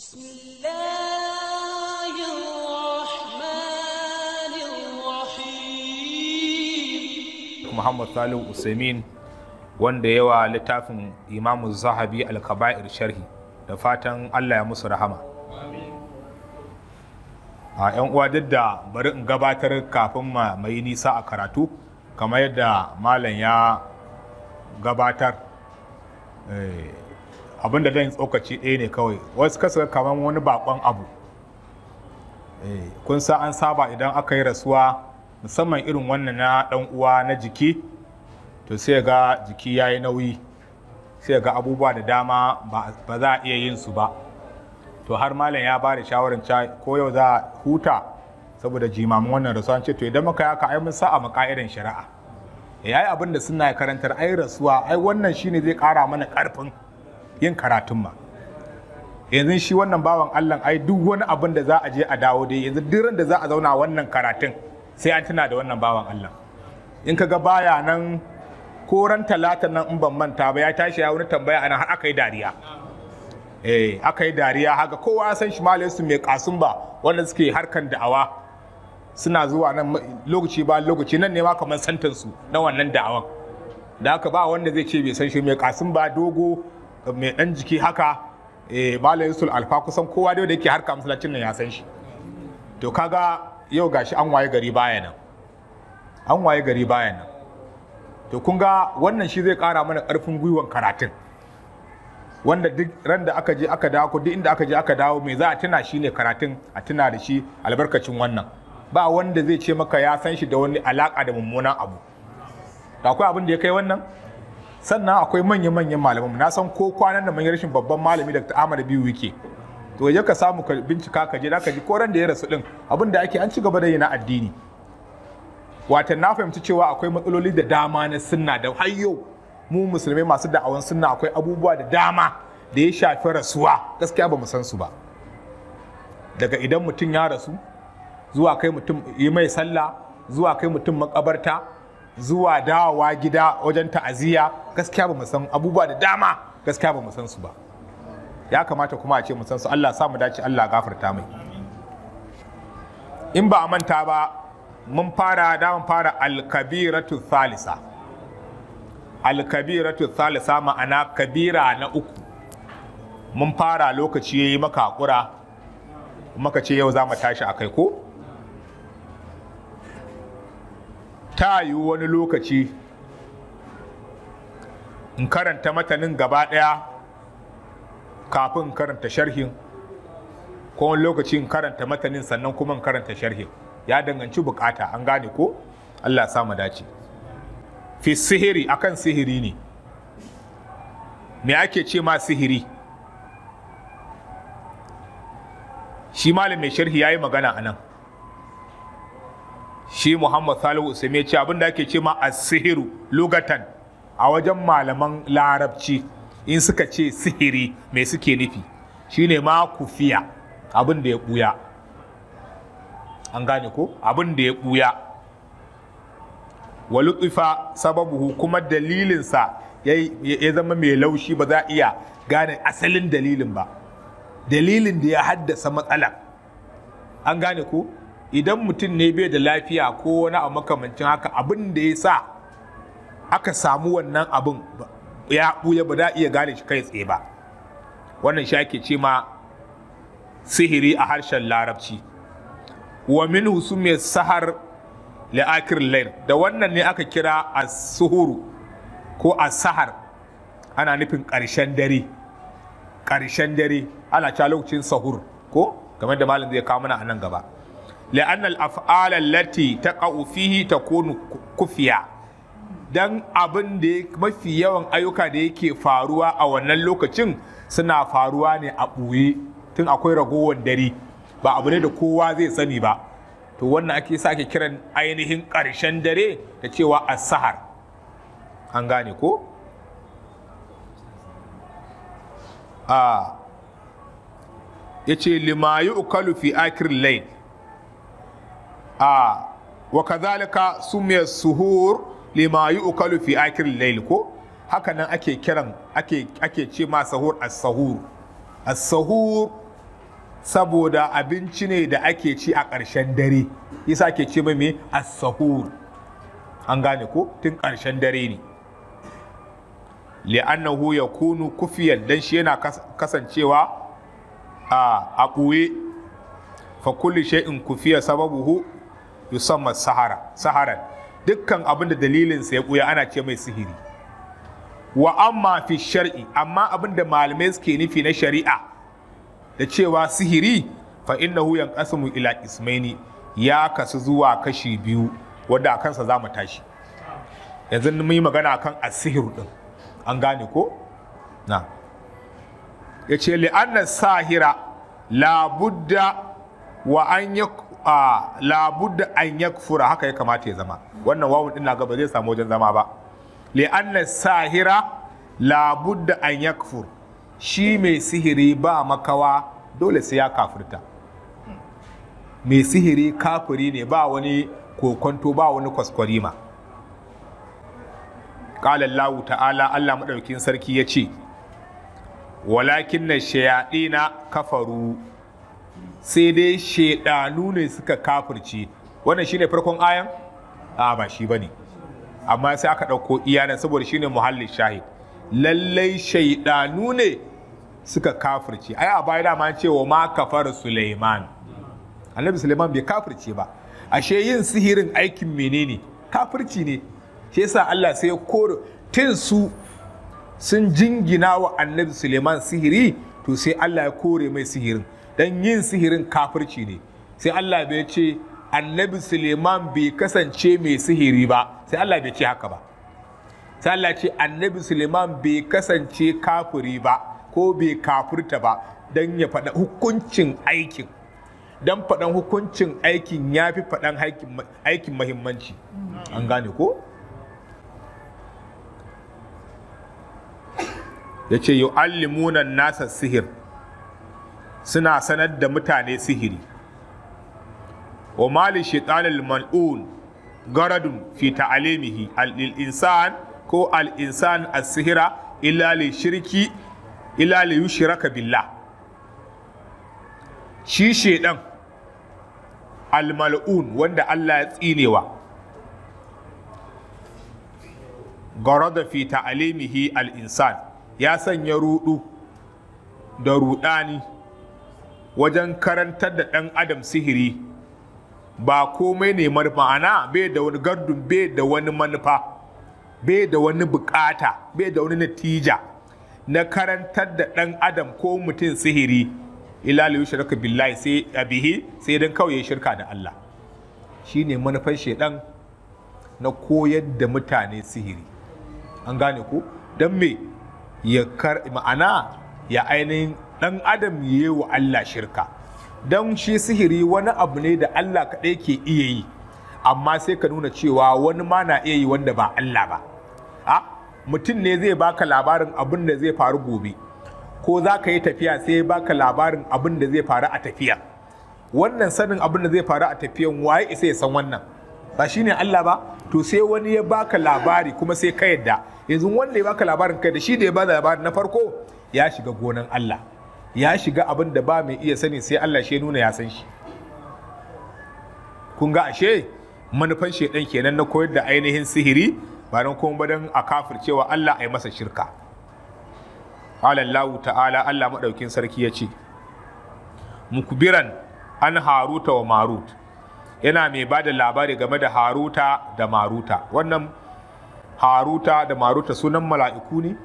بسم الله الرحمن الرحيم محمد صالح usaimin wanda yawa littafin imamu zahabi alkaba'ir sharhi da fatan allah ya musu rahama a yan uwa duk da bari in gabatar kafin ma mai nisa a karatu kamar yadda malam ya gabatar eh, abin da zan tsokaci ɗaya ne kawai wasu kasa kamar wani bakon abu eh, kun sa an saba idan aka yi rasuwa musamman irin wannan na dan uwa na jiki to sai ga jiki ya yi nauyi sai ga abubuwa da dama ba za a iya yin su ba to har malam ya ba da shawarar ko yau za huta saboda jimamin wannan rasuwa ce to idan muka yaka ai mun sa'a maka'irin shari'a yayi eh, abin da suna karantar ai rasuwa ai wannan shine zai kara mana karfin yin karatun ma yanzu shi wannan bawan Allah ai duk wani abin da za a je a dawo dai yanzu duk da za a zauna wannan karatun sai an tuna da wannan bawan Allah in ka ga baya nan koran talata nan in ban manta ba ya tashi ya wani tambaya ana har aka yi dariya eh aka yi dariya haka kowa ya san shi su mai kasum ba wanda suke harkan da'awa suna zuwa nan lokaci ba lokaci nan ne ma kamar su na wannan da'awan da haka ba wanda zai ce bai san shi mai kasum ba dogo mai ɗan jiki haka E, malam sul alfa kusan kowa da yake harka masallacin nan ya san shi to kaga yau gashi an waye gari baya nan an waye gari baya nan to kun ga wannan shi zai kara mana karfin gwiwan karatun wanda duk ran da aka je aka dawo ko duk inda aka je aka dawo me za a tuna shi ne karatun a tuna da shi albarkacin wannan ba wanda zai ce maka ya san shi da wani alaka da mummunan abu akwai abin da ya kai wannan sannan akwai manya-manyan malamai na san ko kwanan da manyan rashin babban malami dr ahmad biyu yake to ya ka samu ka bincika ka je da ka ji koran da ya rasu din abin da ake an ci gaba da yi na addini wata na fahimci cewa akwai matsaloli da dama na sunna da hayo mu musulmai masu da'awan sunna akwai abubuwa da dama da ya shafi rasuwa gaskiya ba mu san su ba daga idan mutum ya rasu zuwa kai mutum yi mai sallah zuwa kai mutum makabarta zuwa dawowa gida wajen ta'aziyya gaskiya ba mu san abubuwa da dama gaskiya ba mu san su ba ya kamata kuma a ce mu san su Allah samu dace Allah gafarta mai in ba a manta ba mun fara daman fara alkabiratu thalisa alkabiratu thalisa ma'ana kabira na uku mun fara lokaci yayi maka hakura maka ce yau za mu tashi kai, ko ta yiwu wani lokaci in karanta matanin gaba ɗaya kafin karanta sharhin ko wani lokaci in karanta matanin sannan kuma in karanta sharhin ya danganci bukata an gane ko Allah sa mu dace fi sihiri akan sihiri ne me ake ce ma sihiri shi malam mai sharhi ya yi magana a nan. shi muhammad salihu usaimi ya ce abin da ake ce ma sihiru lugatan a wajen malaman larabci in suka ce sihiri me suke nufi shine ma kufiya abin da ya buya an gane ko abin da ya buya walutufa sababu kuma dalilinsa ya zama mai laushi ba za a iya gane asalin dalilin ba dalilin da ya haddasa matsala an gane ko idan mutum ne bai da lafiya ko wani abu makamancin haka abin da ya sa aka samu wannan abin ya ɓuya ba za iya gane shi kai tsaye ba wannan shi ake ce ma sihiri a harshen larabci wa min mai sahar li'akir da wannan ne aka kira a suhuru ko a sahar ana nufin ƙarshen dare ƙarshen dare ana cha lokacin sahur ko game da malam zai kawo mana a nan gaba لأن الأفعال التي تقع فيه تكون كفية dan abin da mafi yawan ayyuka da yake faruwa a wannan lokacin suna faruwa ne a ɓoye tun akwai ragowar dare ba abu ne da kowa zai sani ba to wannan ake sake kiran ainihin ƙarshen dare da cewa asahar. sahar an gane ko a ah. yace lima yu'kalu fi akhir layl a ah, wa kazalika sumiya suhur lima yi fi akhir al ko haka nan ake kiran ake ake ce ma sahur as-sahur as-sahur saboda abinci ne da ake ci a ƙarshen dare yasa ake ce mai as-sahur an gane ko tun ƙarshen dare ne li'annahu kunu kufiyan dan shi yana kasancewa a ah, a ɓoye fa kulli shay'in kufiya sababuhu yusamma sahara sahara dukkan abin da dalilinsa ya buya ana ce mai sihiri wa amma fi shar'i amma abin da malamai suke nufi na shari'a da cewa sihiri fa innahu yanqasimu ila ismaini ya kasu zuwa kashi biyu wadda a kansa za mu tashi yanzu mun yi magana kan asihir din an gane ko na ya ce Annas, sahira labudda wa an a labudda an yakfura haka ya kamata ya zama wannan wawun din ga ba zai samu wajen zama ba li anna sahira labudda an yakfur shi mai sihiri ba makawa dole sai ya kafurta mai sihiri kafiri ne ba wani kokonto ba wani kwaskwarima ƙalar lawu ta'ala Allah madaukin sarki yace walakin na na kafaru sai dai shaidanu ne suka kafirci wannan shine farkon ayan a ba shi bane amma sai aka ɗauko iyanan saboda shine muhallin shahid lallai shaidanu ne suka kafirce ai a baya dama ce wa ma kafar Suleiman Annabi Suleiman bai kafirce ba ashe yin sihirin aikin menene kafirci ne shi yasa Allah sai ya tun su sun jingina wa Annabi Suleiman sihiri to sai Allah ya kore mai sihirin dan yin sihirin kafirci ne sai Allah bai ce annabi Suleiman bai kasance mai sihiri ba sai Allah bai ce haka ba sai Allah ce annabi Suleiman bai kasance kafiri ba ko bai kafurta ba dan ya faɗa hukuncin aikin dan faɗan hukuncin aikin ya fi faɗan aikin mahimmanci an gane ko ya ce allimunan nasa sihir suna sanar da mutane sihiri wa mali shaitanil mal'un garadun fi ta'alimihi al-insan ko al-insan as-sihira illa li shirki illa li yushraka billah shi shaidan al-mal'un wanda Allah ya tsinewa garada fi ta'alimihi al-insan ya sanya rudu da rudani wajen karantar da ɗan adam sihiri ba komai ne ma'ana bai da wani gardun bai da wani manufa bai da wani bukata bai da wani natija na karantar da ɗan adam ko mutum sihiri ila liyu shirka billahi sai abihi sai don kawai ya shirka da Allah Shi shine manufan shaidan na koyar da mutane sihiri an gane ku? Don me ya kar ma'ana ya ainihin ɗan adam ya wa Allah shirka don shi sihiri wani abu ne da Allah kaɗai ke iya yi amma sai ka nuna cewa wani ma na iya yi wanda ba Allah ba a mutum ne zai baka labarin abin da zai faru gobe ko za ka yi tafiya sai ya baka labarin abin da zai faru a tafiya wannan sanin abin da zai faru a tafiyan waye isa ya san wannan ba ne Allah ba to sai wani ya baka labari kuma sai ka yadda yanzu wanda ya baka labarin kai da shi da ya ba labarin na farko ya shiga gonan Allah ya shiga abin da ba mai iya sani sai Allah shi nuna ya san shi kun ga ashe manufan shedan kenan na koyar da ainihin sihiri ba don kuma ba don a cewa Allah a yi masa shirka alallahu ta'ala Allah maɗaukin sarki ya ce mukbiran an haruta wa marut yana mai ba da labari game da haruta da maruta wannan haruta da maruta sunan mala'iku ne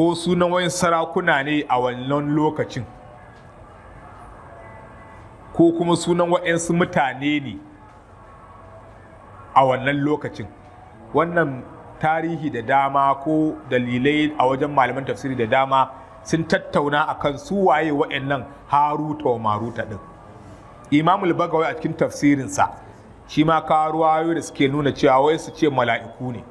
ko sunan wayan sarakuna ne a wannan lokacin ko kuma sunan waɗansu mutane ne a wannan lokacin wannan tarihi da dama ko dalilai a wajen malaman tafsiri da dama sun tattauna a akan su waye waɗannan haruta wa maruta ɗin imamul bagawai a cikin tafsirinsa shi ma kawo da suke nuna cewa wai su ce mala'iku ne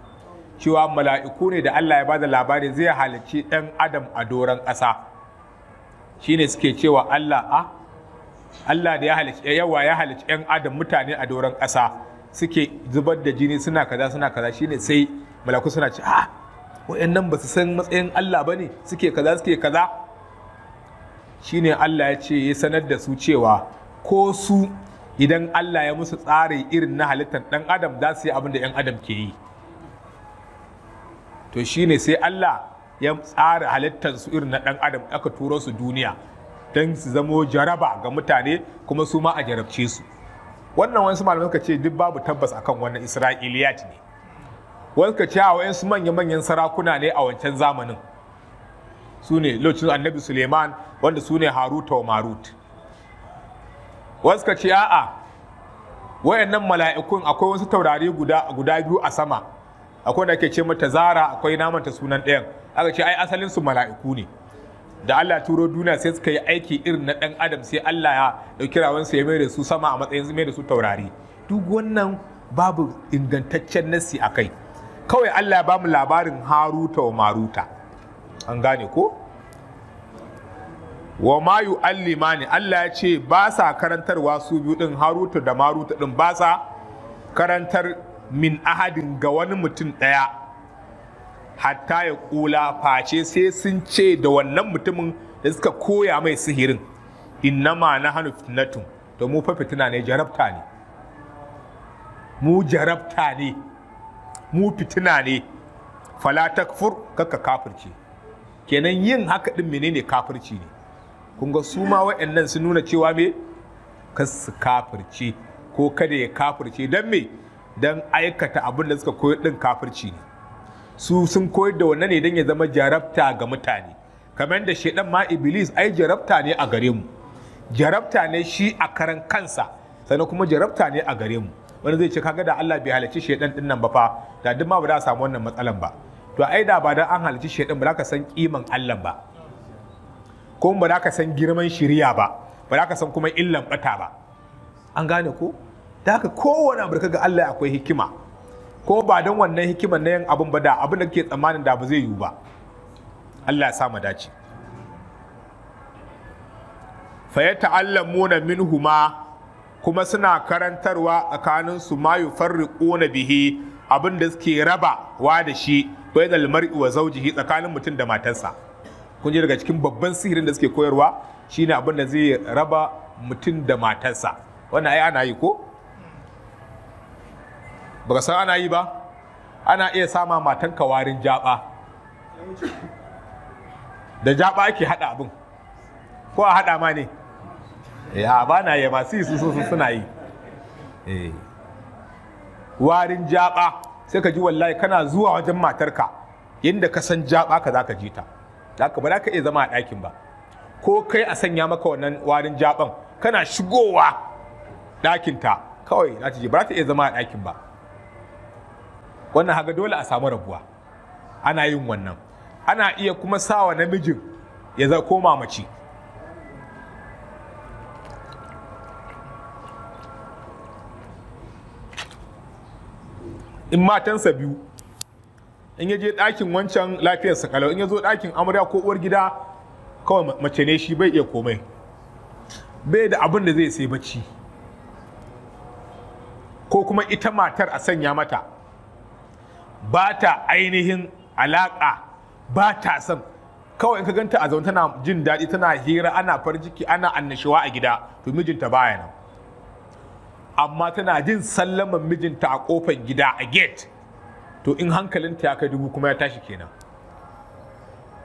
cewa mala'iku ne da Allah ya bada labari zai halicci ɗan adam a doron ƙasa Shi ne suke cewa Allah a Allah da ya halicci yawa ya halicci ɗan adam mutane a doron ƙasa suke zubar da jini suna kaza suna kaza Shi ne sai mala'iku suna ce a ah, nan ba su san matsayin Allah ba ne suke kaza suke kaza Shi ne Allah ya ce ya sanar da su cewa ko su idan Allah ya musu tsari irin na halittar ɗan adam za su yi abin da ‘yan adam ke yi. to shine sai Allah ya tsara halittar su irin na dan adam aka turo su duniya don su zamo jaraba ga mutane kuma su ma a jarabce su wannan wasu malamai suka ce duk babu tabbas akan wannan isra'iliyat ne wasu ka ce a wayansu manya-manyan sarakuna ne a wancan zamanin su ne lokacin annabi suleiman wanda su ne haruta wa marut wasu ka ce a'a wayannan mala'ikun akwai wasu taurari guda biyu a sama akwai da ake ce mata zara akwai namanta sunan ɗayan aka ce ai asalin su mala'iku ne da Allah turo duniya sai suka yi aiki irin na ɗan adam sai Allah ya ɗauki rawansu ya mai da su sama a matsayin mai da su taurari duk wannan babu ingantaccen nassi a kai kawai Allah ya bamu labarin haruta wa maruta an gane ko wa ma yu'allimani Allah ya ce ba sa karantarwa su biyu din haruta da maruta din ba sa karantar min ahadin ga wani mutum ɗaya hatta ya ƙula face sai sun ce da wannan mutumin da suka koya mai sihirin ma na hannu fitnatun to mu fa fitina ne jarabta ne mu jarabta ne mu fitina ne fala takfur kaka kafirci kenan yin haka din menene kafirci ne kun ga su ma waɗannan sun nuna cewa me kasu kafirci ko kada ya kafirce don me don aikata abin da suka koyar din kafirci ne su sun koyar da wannan ne don ya zama jarabta ga mutane kamar da shaidan ma iblis ai jarabta ne a gare mu jarabta ne shi a karan kansa sannan kuma jarabta ne a gare mu wani zai ce kaga da Allah bai halarci shaidan din nan ba fa da duk ma ba za a samu wannan matsalan ba to ai da ba dan an halarci shaidan ba za ka san kiman Allah ba Ko ba za ka san girman shiriya ba ba za ka san kuma illan bata ba an gane ko da haka kowane abu ga Allah akwai hikima ko ba don wannan hikiman na yin abin ba da abin da ke tsammanin da ba zai yiwu ba Allah ya sa dace fa ya ta'allamuna minhuma kuma suna karantarwa tsakanin su ma ƙona bihi abin da suke raba wa da shi da lamari wa zawjihi tsakanin mutum da matarsa kun ji daga cikin babban sihirin da suke koyarwa shine abin da zai raba mutum da matarsa wannan ai ana yi ko baka san ana yi ba ana iya sama matanka warin jaba da jaba ake hada abin ko a hada ma ne ya ba na yi masu su su suna yi eh. warin jaba sai ka ji wallahi kana zuwa wajen matarka inda ka san jaba ka za ka ji ta ka ba za ka iya zama a ɗakin ba ko kai a sanya maka wannan warin jaban kana shigowa ɗakinta kawai za ta je ba za ta iya zama a ɗakin ba wannan haga dole a samu rabuwa ana yin wannan ana iya kuma sawa namijin ya za koma mace in matansa biyu in ya je ɗakin wancan lafiyarsa kalau in ya zo ɗakin amarya ko uwar gida kawai mace ne shi bai iya komai bai da abin da zai sai bacci ko kuma ita matar a sanya mata ba ta ainihin alaƙa ba ta son kawai in ka ganta a zaune tana jin daɗi tana hira ana farin ciki ana annashuwa a gida to mijinta baya nan amma tana jin sallaman mijinta a ƙofar gida a gate to in hankalinta ya kai dubu kuma ya tashi kenan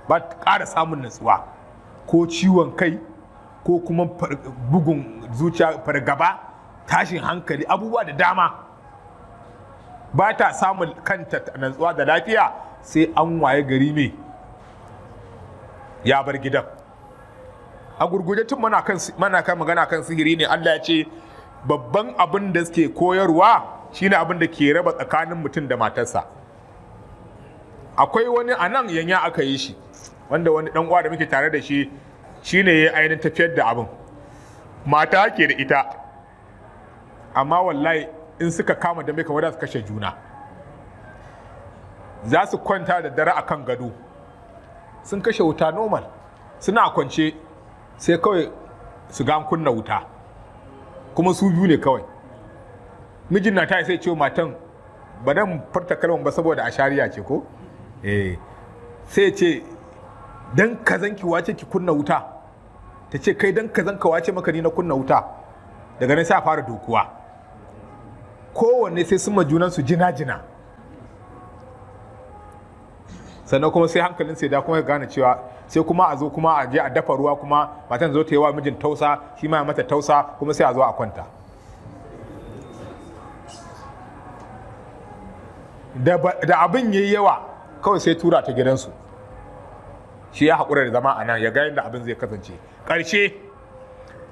ba ta ƙara samun natsuwa ko ciwon kai ko kuma bugun zuciya fargaba tashin hankali abubuwa da dama ba ta samun kanta nantsuwa da lafiya sai an waye gari ya bar gidan a gurguje tun mana kan magana kan sihiri ne Allah ya ce babban abin da suke koyarwa shine abin da ke raba tsakanin mutum da matarsa akwai wani a nan yanya aka yi shi wanda wani dan uwa da muke tare da shi shine ya ainihin tafiyar da abin mata ke da ita amma wallahi in suka kama mai kamar su kashe juna za su kwanta da dare a kan gado sun kashe wuta normal suna kwance sai kawai su ga kunna wuta kuma su biyu ne kawai mijin na ta sai ce matan ba dan furta kalman ba saboda a shari'a ce ko eh. sai ce dan kazan ki wace ki kunna wuta ta ce kai dan kazan ka wace maka ni na kunna wuta daga nan sai a fara dokuwa kowanne sai sun majunan su jina-jina sannan kuma sai hankalin sai da kuma gane cewa sai kuma a zo kuma a je a dafa ruwa kuma matan zo ta yi wa mijin tausa shi ma mata tausa kuma sai a zo a kwanta da abin yi yawa kawai sai tura ta gidansu shi ya haƙura da zama a nan ya ga da abin zai kasance ƙarshe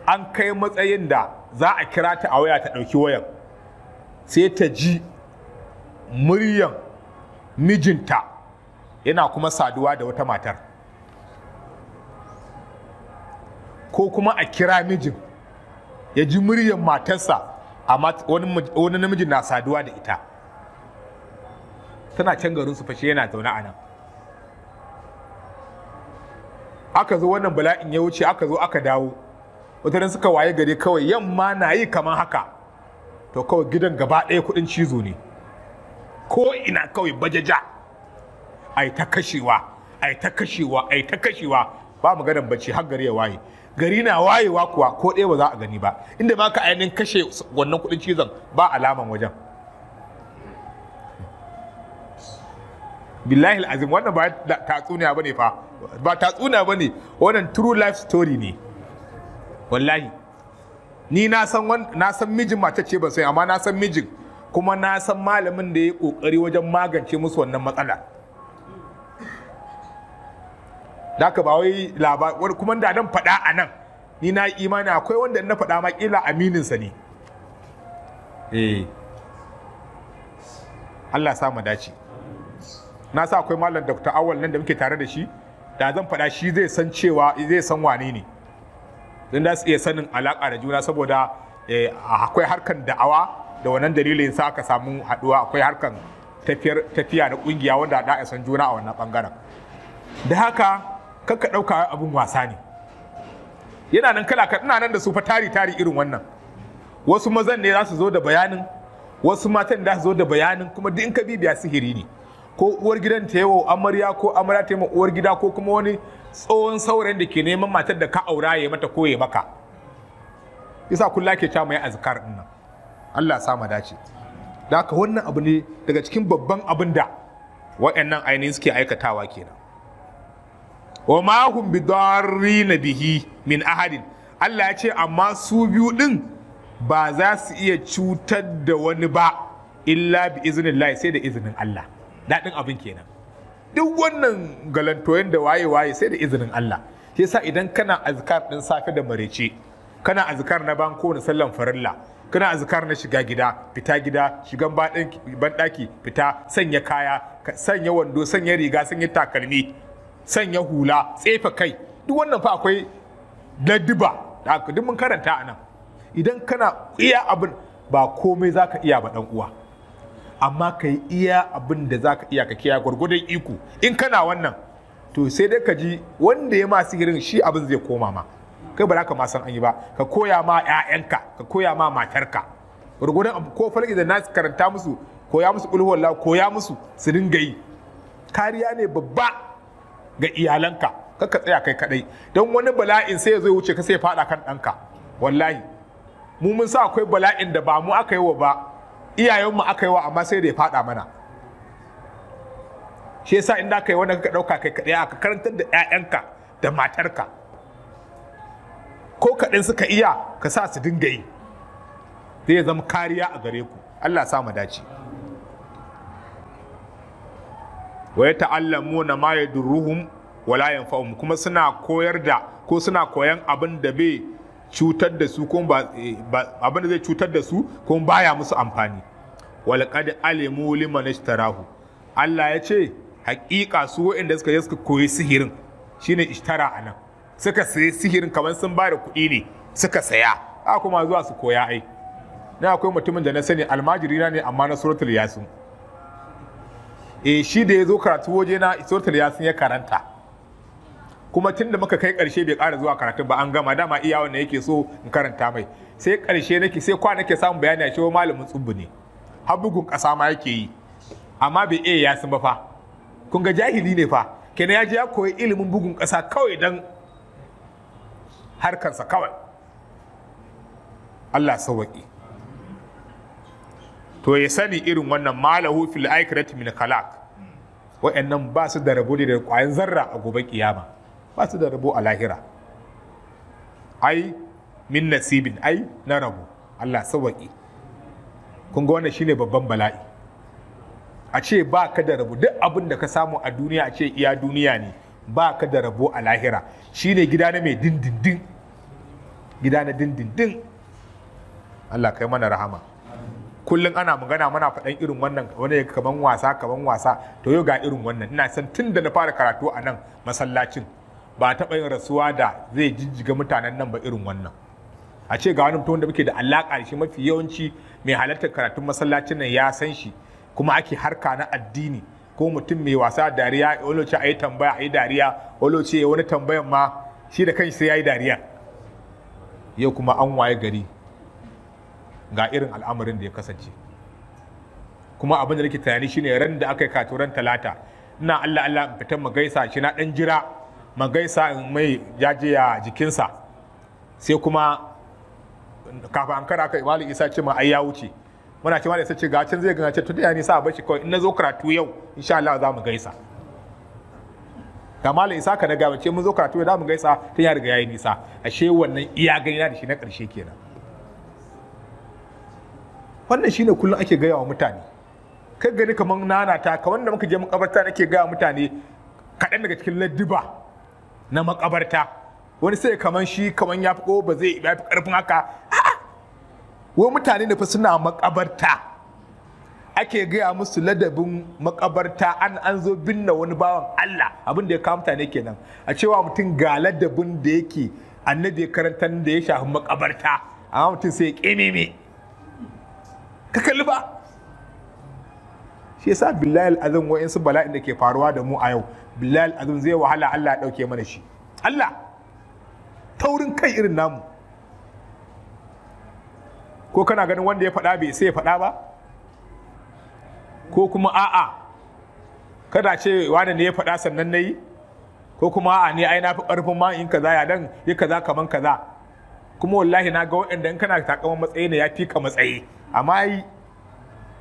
an kai matsayin da za a kira ta a waya ta ɗauki wayan sai ta ji muryan mijinta yana kuma saduwa da wata matar ko kuma a kira mijin ya ji muryan matarsa amma wani namijin na saduwa da ita tana can garin su fashe yana zaune a nan aka zo wannan bala'in ya wuce aka zo aka dawo wata suka waye gare kawai yamma na yi kamar haka to kawai gidan gaba ɗaya kuɗin cizo ne ko ina kawai bajaja ai ta kashewa ai ta kashewa ai ta kashewa ba maganan bacci har gari ya waye gari na wayewa kuwa ko ɗaya ba za a gani ba inda ma ka ainihin kashe wannan kuɗin cizon ba alaman wajen billahi azim wannan ba tatsuniya bane fa ba tatsuniya bane wannan true life story ne wallahi ni na san na san mijin mace ce ban sai amma na san mijin kuma na san malamin da ya kokari wajen magance musu wannan matsala da ka ba wai labar kuma da dan faɗa a nan ni na imani akwai wanda na faɗa ma kila aminin sa ne eh Allah sa mu dace na sa akwai malam Dr. Awal nan da muke tare da shi da zan faɗa shi zai san cewa zai san wane ne don da su iya sanin alaƙa da juna saboda eh, akwai harkan da'awa da wannan dalilin sa aka samu haɗuwa akwai harkan tafiya da ƙungiya wanda da a san juna a wannan ɓangaren da haka kakka ɗauka abin wasa ne yana nan kala ina nan da su fa tari tari irin wannan wasu mazan ne za su zo da bayanin wasu matan da su zo da bayanin kuma duk in ka bibiya sihiri ne ko uwar gidan ta yawo amarya ko amarya ta uwar gida ko kuma wani tsohon saurayin da ke neman matar da ka aura ya mata ko ya maka isa kula ke ta mai azkar din nan Allah ya mu dace da haka wannan abu ne daga cikin babban abin da waɗannan ainihin suke aikatawa kenan wa ma hum bihi min ahadin Allah ya ce amma su biyu din ba za su iya cutar da wani ba illa bi iznillahi sai da izinin Allah daɗin abin kenan duk wannan galantoyin da waye waye sai da izinin Allah shi yasa idan kana azkar din safe da marece kana azkar na ban kowane sallan farilla kana azkar na shiga gida fita gida shigan banɗaki fita sanya kaya sanya wando sanya riga sanya takalmi sanya hula tsefa kai duk wannan fa akwai ladduba duk mun karanta a nan idan kana iya abin ba komai za ka iya ba ɗan uwa amma ka yi iya abin da za ka iya ka kiya gwargwadon iko in kana wannan to sai dai ka ji wanda ya masu sihirin shi abin zai koma ma kai ba za ka an yi ba ka koya ma 'ya'yanka ka koya ma matarka gwargwadon ko falki da nasu karanta musu koya musu ulhu koya musu su dinga yi kariya ne babba ga iyalanka kaka tsaya kai kadai don wani bala'in sai ya zo wuce ka sai faɗa kan ɗanka wallahi mu mun sa akwai bala'in da ba mu aka yi wa ba iyayenmu aka yi wa amma sai da ya faɗa mana shi yasa inda aka yi wanda ka ɗauka kai kaɗai aka karantar da 'ya'yanka da matarka ko kaɗin suka iya ka sa su dinga yi zai zama kariya a gare ku Allah sa mu dace wa ya ta'allamu na ma yadurruhum wala kuma suna koyar da ko suna koyan abin da bai cutar da su kuma eh, abin da zai cutar da su kuma baya musu amfani walqad alimu liman ishtarahu Allah ya ce hakika su waɗanda suka yaska suka koyi sihirin shine ishtara anan suka sayi sihirin kamar sun bada kuɗi ne suka saya a kuma zuwa su koya ai na akwai mutumin da na sani almajiri na ne amma na suratul yasin eh shi da ya zo karatu waje na suratul yasin ya karanta kuma tun da muka kai karshe bai ƙara zuwa karatu ba an gama dama iya wanda yake so in karanta mai sai karshe nake sai kwa nake samun bayani a cewa malamin tsubbu ne har bugun ƙasa ma yake yi amma bai iya yasin ba fa kun ga jahili ne fa kenan ya je ya koyi ilimin bugun ƙasa kawai dan harkarsa kawai Allah sauwaƙi to ya sani irin wannan malahu fil aikrat min kalak wa'annan ba su da rabu da kwayan zarra a gobe kiyama ba su da rabo a lahira ai min nasibin ai na rabo Allah sawaki kun ga wannan shine babban bala'i a ce ba ka da rabo duk abin da ka samu a duniya a ce iya duniya ne ba ka da rabo a lahira shine gida na mai dindindin gida na dindindin Allah kai mana rahama kullum ana magana mana faɗan irin wannan wani ya kaman wasa kaman wasa to yau ga irin wannan ina san tun da na fara karatu a nan masallacin ba a taɓa yin rasuwa da zai jijjiga mutanen nan ba irin wannan a ce ga wani mutum da muke da alaƙa da shi mafi yawanci mai halartar karatun masallacin nan ya san shi kuma ake harka na addini ko mutum mai wasa dariya wani ce a yi tambaya a yi dariya wani ce wani tambayan ma shi da kanshi sai ya yi dariya yau kuma an waye gari ga irin al'amarin da ya kasance kuma abin da nake tunani shine ran da aka yi katuran talata ina allah allah fitan mu gaisa shi na dan jira magaisa in mai jajiya jikinsa sai kuma kafin an kara kai malam isa ce ma ai ya wuce muna ce malam isa ce ga can zai gana ce tun da ya nisa a bashi kawai in na zo karatu yau insha Allah za mu gaisa ga malam isa ka daga bace mun zo karatu yau za mu gaisa tun ya riga yayi nisa ashe wannan iya gani na da shi na karshe kenan wannan shine kullum ake gaya wa mutane kai gani kamar nana ta ka wanda muka je kabarta nake gaya mutane kaɗan daga cikin laddiba na makabarta wani sai kaman shi kaman ya fi ba zai ya fi karfin haka wai mutane da fa suna makabarta ake gaya musu ladabin makabarta an an zo binne wani bawan Allah abin da ya kawo mutane kenan a cewa mutum ga ladabin da yake annabi karantar da ya shafi makabarta amma mutum sai ya kememe ka kalli ba shi yasa billahi azim su bala'in da ke faruwa da mu a yau billahi al'azim zai wahala Allah ya dauke mana shi Allah taurin kai irin namu ko kana ganin wanda ya faɗa bai sai ya faɗa ba ko kuma a'a kada ce wani ne ya faɗa sannan na yi ko kuma a'a ne ai na fi ƙarfin ma in kaza ya dan yi kaza kaman kaza kuma wallahi na ga waɗanda in kana takaman matsayi ne ya fi ka matsayi amma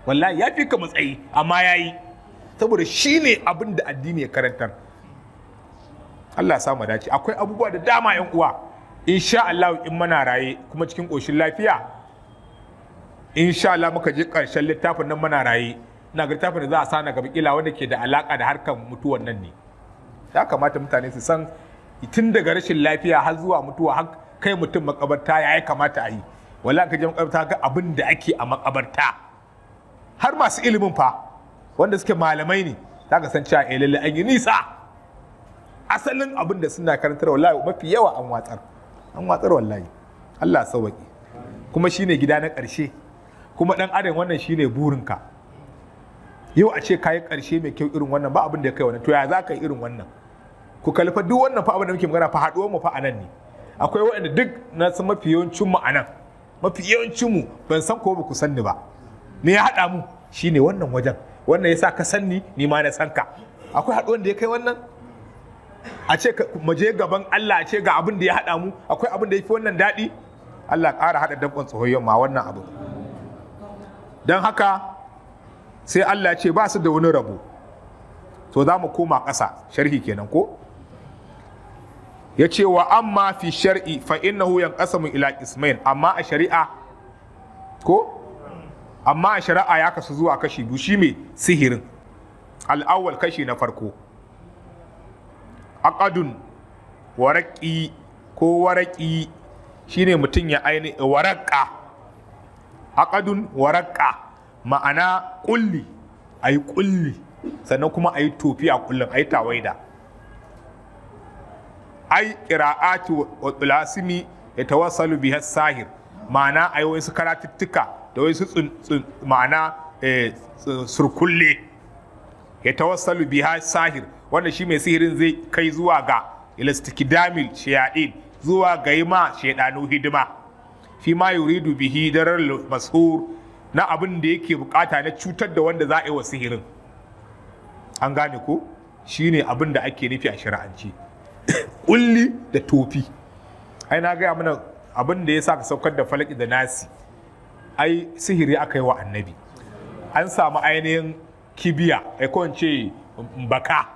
wallahi ya fi ka matsayi amma ya yi saboda shi ne abin da addini ya karantar Allah ya samu dace akwai abubuwa da dama yan uwa insha Allah in muna raye kuma cikin koshin lafiya insha Allah muka je karshen littafin nan muna raye ina ga littafin da za a sana gaba kila wanda ke da alaka da harkar mutuwan nan ne ya kamata mutane su san tun daga rashin lafiya har zuwa mutuwa har kai mutum makabarta ya kamata a yi wallahi ka je makabarta ga abin da ake a makabarta har masu ilimin fa wanda suke malamai ne za ka san cewa eh, lalle an yi nisa asalin abin da suna karantar wallahi mafi yawa an watsar an watsar wallahi Allah sauwaki kuma shine gida na ƙarshe kuma ɗan adam wannan shine burinka yau a ce kayi ƙarshe mai kyau irin wannan ba abin da kai wannan to ya za ka yi irin wannan ku kalifa duk wannan fa abin da muke magana fa haɗuwar mu fa anan ne akwai waɗanda duk na san mafi yawancin mu anan mafi yawancin mu ban san ko ba ku sanni ba me ya haɗa mu ne wannan wajen wannan ya sa ka san ni ni ma na san ka akwai haɗuwan da ya kai wannan a ce maje gaban Allah a ce ga abin da ya haɗa mu akwai abin da ya fi wannan daɗi Allah ƙara haɗa dankon tsohoyon ma wannan abu don haka sai Allah ce ba su da wani rabo to za mu koma ƙasa sharhi kenan ko ya ce wa amma fi shar'i fa innahu yanqasamu ila ismail amma a shari'a ko amma a shari'a ya kasu zuwa kashi biyu shi mai sihirin al'awwal kashi na farko aqadun waraki ko waraki shine mutum ya aini waraka aqadun waraka ma'ana kulli yi kulli sannan kuma a yi tofi a yi ayi tawaida ai qira'atu wa tulasimi tawassalu biyar sahir ma'ana a yi wasu karatuttuka da wasu su ma'ana eh, surkulle ya tawassalu biha sahir wanda shi mai sihirin zai kai zuwa ga ilastikidamil shayadin zuwa ga yi ma shaidanu hidima fi ma yuridu bihi hidarar, mashur na abin da yake bukata na cutar da wanda za a yi wa sihirin an gane ko ne abin da ake nufi a shari'anci kulli da tofi ai na gaya mana abin da ya sa ka saukar da falaki da nasi ai sihiri aka yi wa annabi an samu ainihin kibiya a ce baka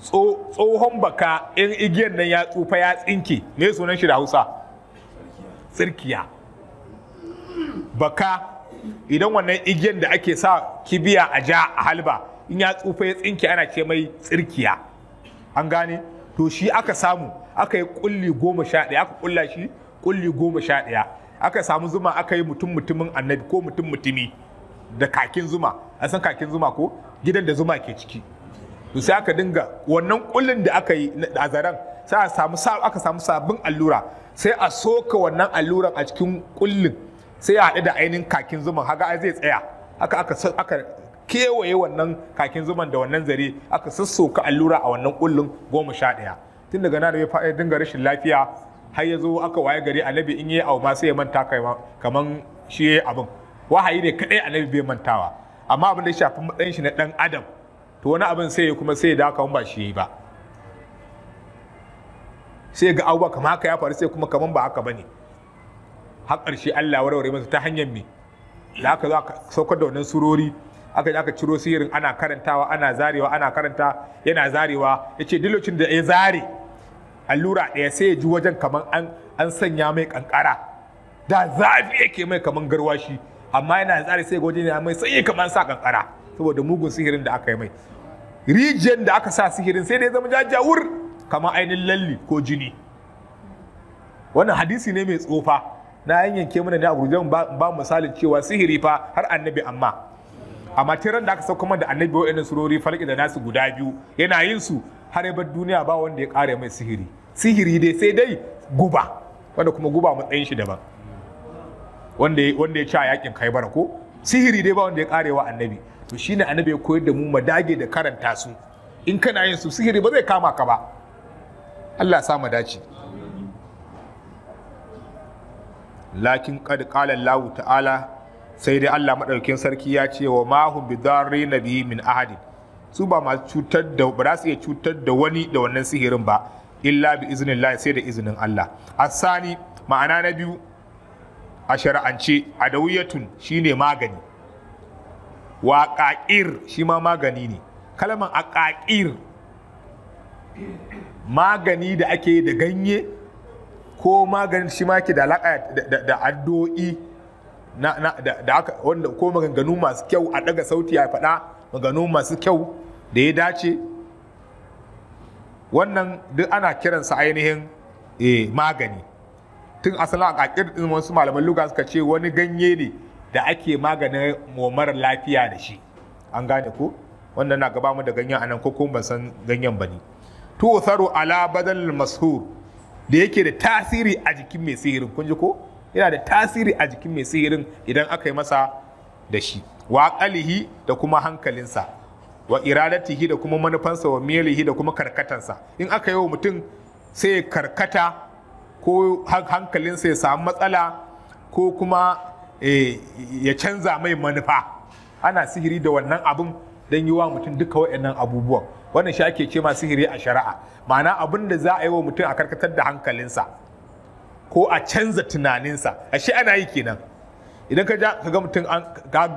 tsohon baka in igiyar nan ya tsufa ya tsinke me sunan shi da hausa tsirkiya baka idan wannan igiyar da ake sa kibiya a ja a halba in ya tsufa ya tsinke ana ce mai tsirkiya an gane to shi aka samu aka yi kulli goma sha ɗaya aka kulla shi kulli goma sha ɗaya aka samu zuma aka yi mutum mutumin annabi ko mutum mutumi da kakin zuma a san kakin zuma ko gidan da zuma ke ciki to sai aka dinga wannan kullun da aka yi a zaren sai aka samu sabbin allura sai a soka wannan alluran a cikin kullun sai a haɗu da ainihin kakin zuman haka a zai tsaya haka aka kewaye wannan kakin zuman da wannan zare aka sassoka allura a wannan kullun goma sha ɗaya tun daga nan ya dinga rashin lafiya har ya zo aka waye gari annabi in yi auma sai ya manta kaman shi ya yi abin wahayi ne kadai annabi bai mantawa amma abin da ya shafi matsayin shi na dan adam to wani abin sai ya kuma sai ya dawo kaman ba shi yi ba sai ga abubuwa kama haka ya faru sai kuma kaman ba haka bane har ƙarshe Allah warware masa ta hanyar me da aka zo aka saukar da wannan surori aka yi aka ciro sihirin ana karantawa ana zarewa ana karanta yana zarewa yace ce da ya zare allura ɗaya sai ya ji wajen kamar an sanya mai kankara da zafi yake mai kamar garwashi amma yana da tsari sai gwajin ya mai sai kamar sa kankara saboda mugun sihirin da aka yi mai rijiyar da aka sa sihirin sai dai zama jajawur kamar ainihin lalli ko jini wannan hadisi ne mai tsofa na yanyanke mana ne a gurjan ba misali cewa sihiri fa har annabi amma amma tiran da aka sauka da annabi wa'annan surori falki da nasu guda biyu yana yin su har yabar duniya ba wanda ya kare mai sihiri sihiri dai sai dai guba wanda kuma guba matsayin shi daban wanda ya ci a yakin kaibara ko sihiri dai ba wanda ya kare wa annabi to shine annabi ya koyar da mu madage da karanta su in kana yin su sihiri ba zai kama ka ba Allah sa mu dace lakin kad qala Allah ta'ala sai dai Allah madaukin sarki ya ce wa mahum bidarri nabi min ahadin su ba ma cutar da ba za su iya cutar da wani da wannan sihirin ba illa bi izinin Allah sai da izinin Allah asani ma'ana na biyu a shara'ance adawiyatun shine magani wa ƙaƙir shi ma magani ne kalman a ƙaƙir magani da ake da ganye ko maganin shi ma ke da alaƙa da addo'i da wanda ko maganganu masu kyau a ɗaga sauti ya faɗa maganganu masu kyau da ya dace wannan duk ana kiransa ainihin eh, magani tun asalin a kakir din wasu malaman luga suka ce wani ganye ne da ake maganin momar lafiya da shi an gane ko wannan na gaba mu da ganyen anan ko kuma ban san ganyen ba ne to tsaro ala badal mashur da yake da tasiri a jikin mai sihirin kun ji ko yana da tasiri a jikin mai sihirin idan aka yi masa da shi wa da kuma hankalinsa wa iradatihi da kuma manufansa wa melihi da kuma karkatansa in aka yi wa mutum sai karkata ko hankalinsa ya samu matsala ko kuma eh, ya canza mai manufa ana sihiri da wannan abin don yi wa mutum duka wa'annan abubuwan wannan shi ake ce ma sihiri a shari'a ma'ana abin da za a yi wa mutum a karkatar da hankalinsa ko a canza tunaninsa a shi ana yi kenan idan ka ga mutum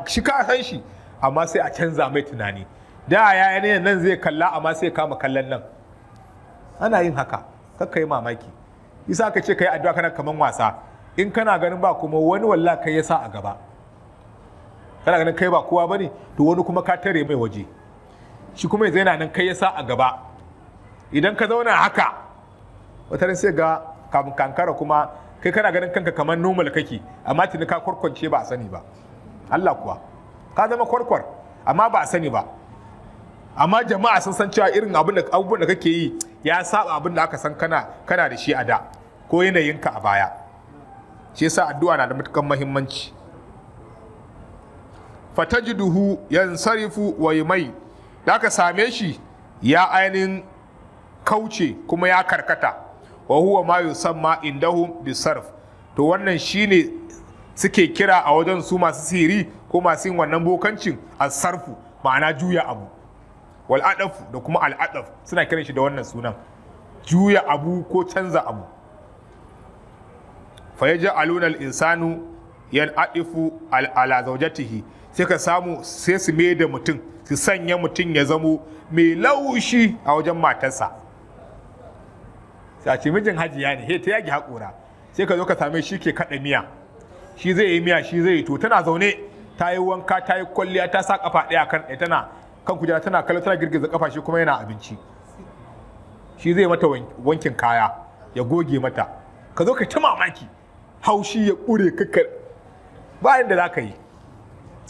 shi ka san shi amma sai a canza mai tunani da ya yayan nan zai kalla amma sai kama kallon nan ana yin haka kakka yi mamaki isa ka ce ka yi addu'a kana kaman wasa in kana ganin ba kuma wani walla kai ya sa a gaba kana ganin kai ba kowa ba ne, to wani kuma ka tare mai waje shi kuma zai nan kai ya sa a gaba idan ka zauna haka wata sai ga kamun kankara kuma kai kana ganin kanka kamar nomal kake amma tuni ka kwarkwance ba a sani ba Allah kuwa ka zama kwarkwar amma ba a sani ba amma jama'a sun san cewa irin abin da da kake yi ya saba abin da aka san kana kana da shi a da ko yanayinka a baya shi yasa addu'a na da matukar muhimmanci fatajiduhu yansarifu wa yumai da aka same shi ya ainihin kauce kuma ya karkata wa huwa ma yusamma indahum bisarf to wannan shine suke kira a wajen su masu sihiri ko masu yin wannan bokancin asarfu ma'ana juya abu Wal'adafu da kuma al'adaf suna kiran shi da wannan sunan juya abu ko canza abu fa ya yaj'aluna al insanu 'yan al ala zawjatihi sai ka samu sai su mai da mutum su sanya mutum ya zamo mai laushi a wajen matarsa sai ce mijin hajiya ne he ta yage haƙura." sai ka zo ka same shi ke kaɗa miya shi zai yi miya shi zai yi to tana zaune ta yi wanka ta yi kwalliya ta sa kafa ɗaya kan ɗaya tana kan kujera tana kallo tana girgiza kafa shi kuma yana abinci shi zai mata wankin kaya ya goge mata ka zo ka ta mamaki haushi ya kure kaka ba inda za ka yi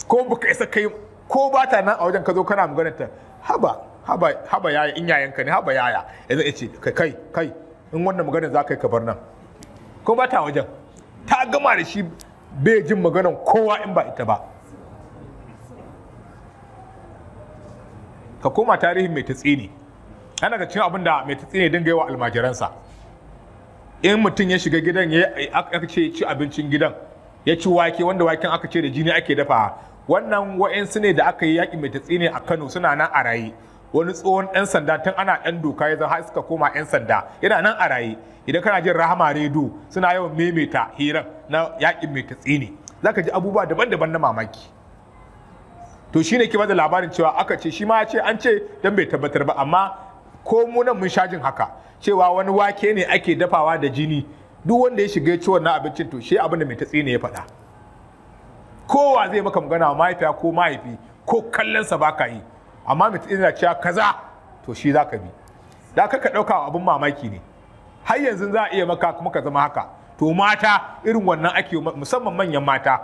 ko baka isa kai ko ba ta nan a wajen ka zo kana maganar ta haba haba haba yaya in yayanka ne haba yaya yanzu ya ce kai kai kai in wannan maganar za ka yi ka bar nan ko ba ta wajen ta gama da shi bai jin maganar kowa in ba ita ba ka koma tarihin mai tatsini ana da cin abin da mai tatsini dinga yi wa almajiransa in mutum ya shiga gidan ya aka ce ci abincin gidan ya ci wake wanda waken aka ce da jini ake dafa wannan wa'insu ne da aka yi yaƙi mai tatsini a kano suna nan a raye wani tsohon ɗan sanda tun ana ɗan doka ya zama suka koma ɗan sanda yana nan a raye idan kana jin rahama redo suna yawan maimaita hiran na yaƙin mai tatsini ka ji abubuwa daban-daban na mamaki to shi ne ke bada labarin cewa aka ce shi ma ce an ce don bai tabbatar ba amma ko munan mun shajin haka cewa wani wake ne ake dafawa da jini duk wanda ya shiga ciwon na abincin to shi abin da mai tatsi ne ya faɗa kowa zai maka magana mahaifiya ko mahaifi ko kallonsa ba ka yi amma mai tatsi na cewa kaza to shi za ka bi da aka ka ɗauka abin mamaki ne har yanzu za a iya maka kuma ka zama haka to mata irin wannan ake musamman manyan mata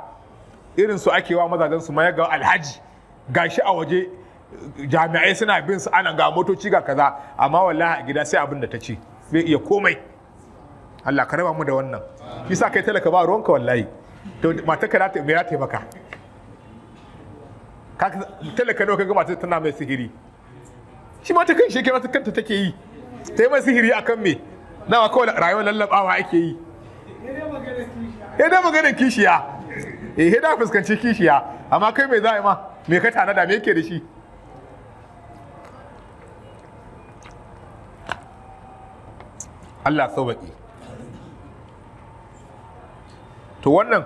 irin su ake wa mazajen su ma ga alhaji gashi a waje jami'ai suna bin su ana ga motoci ga kaza amma wallahi a gida sai abin da ta ci bai iya komai Allah ka raba mu da wannan sa kai talaka ba ruwanka wallahi to mata ka ta me ta maka ka talaka ne kaga mata tana mai sihiri shi mata kan shekara ta kanta take yi ta yi mai sihiri akan me nawa kawai rayuwar lallabawa ake yi ya da maganar kishiya eh da fuskanci kishiya amma kai mai yi ma me ka tanada me yake da shi Allah sauwaƙe to wannan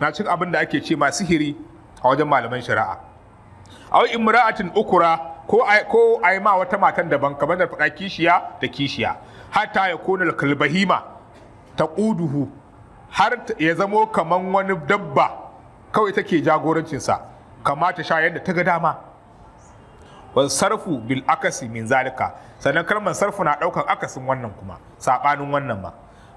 na cin abin da ake ce ma sihiri a wajen malaman shari'a aw imra'atin ukura ko ko yi ma wata matan daban kamar da faɗa kishiya da kishiya hatta ya kona kalbahima ta ƙuduhu har ya zamo kaman wani dabba kawai take jagorancinsa kamata sha yadda ta ga dama wal sarfu bil akasi min zalika sannan kalmar sarfu na daukan akasin wannan kuma sabanin wannan ma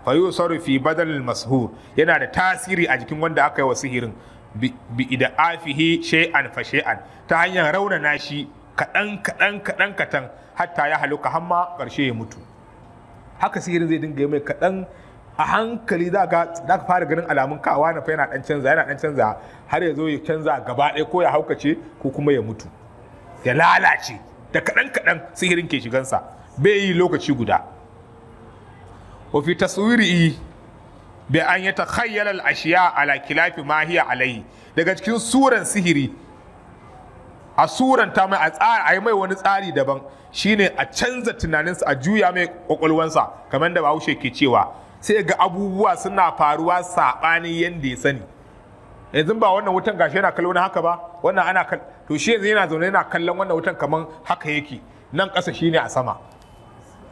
fa yusaru fi badalil mashur yana da tasiri a jikin wanda aka yi wa sihirin bi afihi, shay'an fa shay'an ta hanyar raunana shi kaɗan kaɗan kaɗan katan hatta ya haluka hamma karshe ya mutu haka sihirin zai dinga yi mai kaɗan a hankali za ka fara ganin alamun kawa na fa yana dan canza yana dan canza har ya zo ya canza gaba ɗaya ko ya haukace ko kuma ya mutu ya lalace da kaɗan kaɗan sihirin ke shigansa bai yi lokaci guda wa fi taswiri Bai an ya takhayyala al ashiya ala kilafi ma hiya daga cikin suran sihiri a suran ta mai a tsari a yi mai wani tsari daban shine a canza tunaninsa a juya mai kwakwalwansa kamar da bahaushe ke cewa sai ga abubuwa suna faruwa saɓanin yadda ya sani yanzu ba wannan wutan gashi yana kallon haka ba wannan ana to shi yanzu yana zaune yana kallon wannan wutan kaman haka yake nan ƙasa shine a sama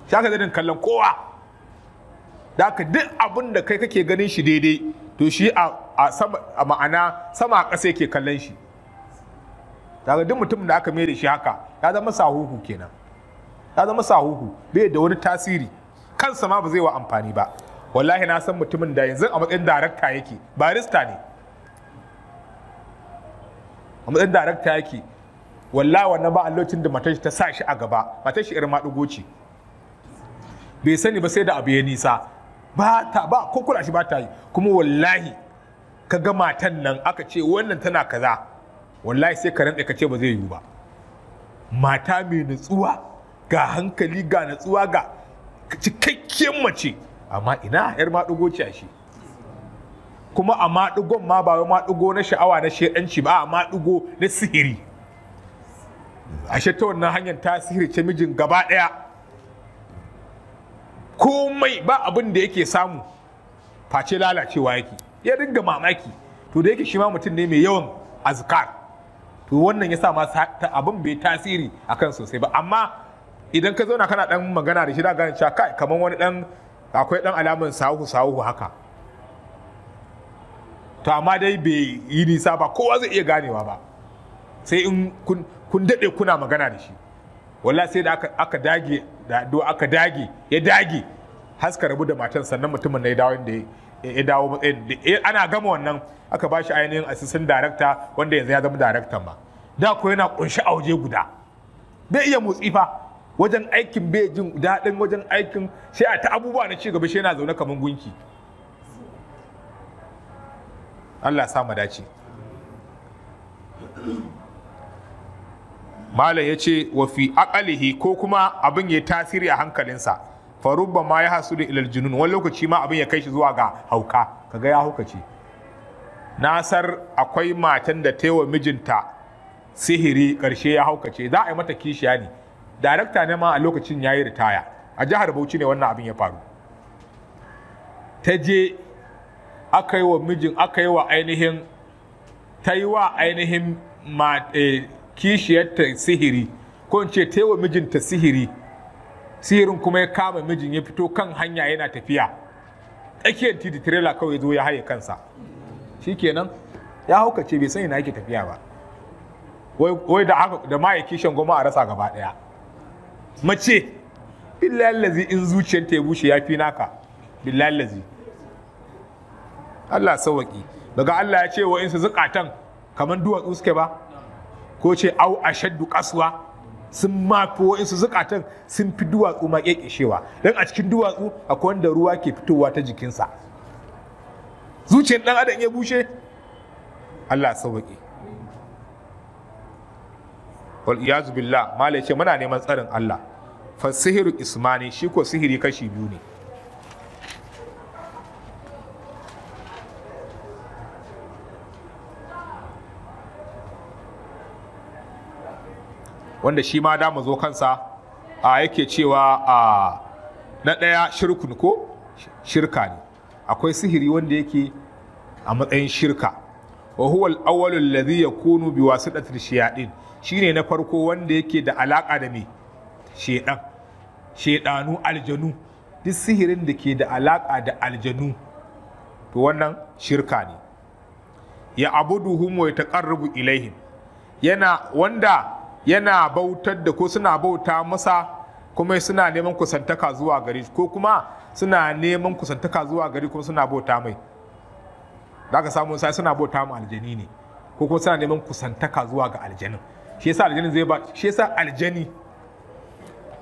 shi aka zai kallon kowa da ka duk abin da kai kake ganin shi daidai to shi a sama a ma'ana sama a ƙasa yake kallon shi daga duk mutum da aka mai da shi haka ya zama sahuhu kenan ya zama sahuhu bai da wani tasiri kansa ma ba zai wa amfani ba wallahi na san mutumin da yanzu a matsayin darakta yake barista ne a matsayin darakta yake wallahi wannan ba allocin da matashi ta sa shi a gaba matashi irin maɗugo ce bai sani ba sai da abu ya nisa ba ta ba ko kula shi ba ta yi kuma wallahi ka ga matan nan aka ce wannan tana kaza wallahi sai ka rantsa ka ce ba zai yiwu ba mata mai nutsuwa ga hankali ga nutsuwa ga cikakken mace amma ina yar maɗugo ce a shi kuma a maɗugon ma ba maɗugo na sha'awa na shaɗanci ba a maɗugo na sihiri a ta wannan hanyar ta ce mijin gaba ɗaya komai ba abin da yake samu face lalacewa yake ya dinga mamaki to da yake shi ma mutum ne mai yawan azkar to wannan ya sa ma abin bai tasiri akan sosai ba amma idan ka zauna kana dan magana da shi da gane cewa kai kamar wani dan akwai dan alaman sahu sahu haka to amma dai bai yi nisa ba kowa zai iya ganewa ba sai in kun daɗe kuna magana da shi wallahi sai da aka dage da do aka dage ya dage haska rabu da matan sannan mutumin na ya dawo inda ya dawo matsayin eh, ana gama wannan aka ba shi ainihin assistant director wanda yanzu ya zama director ma da ko yana kunshi a waje guda bai iya motsi fa wajen aikin bejin daɗin wajen aikin sai a ta abubuwa na cigaba shi yana zaune kamar gunki Allah sa mu dace malam ya ce wa fi aqalihi ko kuma abin ya tasiri a hankalinsa farubba ma ya hasu da ilal junun wani lokaci ma abin ya kai shi zuwa ga hauka kaga ya haukace nasar akwai matan da ta yi wa mijinta sihiri ƙarshe ya haukace za a yi mata kishiya ne darakta ne ma a lokacin ya yi ritaya a jihar bauchi ne wannan abin ya faru ta je aka yi wa mijin aka wa ainihin ta yi wa ainihin eh, kishiyarta sihiri ko in ce ta yi wa mijinta sihiri sihirin kuma ya kama mijin ya fito kan hanya yana tafiya tsakiyar titi tirela kawai zo ya haye kansa shikenan ya haukace bai san ina yake tafiya ba wai da ma'aikishin goma a rasa gaba daya mace billahi in zuciyar ya bushe ya fi naka billahi lazi Allah sawaki daga Allah ya ce wa su zukatan kamar duwatsu suke ba ko ce au ashaddu qaswa sun mafi wa su zukatan sun fi duwatsu ma kekeshewa dan a cikin duwatsu akwai wanda ruwa ke fitowa ta jikinsa zuciyar dan adam ya bushe Allah sawaki wal iyaz billah mala ce muna neman tsarin Allah fa sihiru ismani shi ko sihiri kashi biyu ne wanda shi ma da mu zo kansa a yake cewa a na ɗaya shirkun ko shirka ne akwai sihiri wanda yake a matsayin shirka wa huwa al-awwalu alladhi yakunu biwasitatil shayadin shine na farko wanda yake da alaƙa da me shedan shedanu aljanu duk sihirin da ke da alaƙa da aljanu to wannan shirka ne ya abuduhum wa yataqarrabu ilaihim yana wanda yana bautar da ko suna bauta masa kuma suna neman kusantaka zuwa gari ko kuma suna neman kusantaka zuwa gari kuma suna bauta mai za ka samu sai suna bauta ma aljani ne ko kuma suna neman kusantaka zuwa ga aljanin shi yasa aljani zai ba shi yasa aljani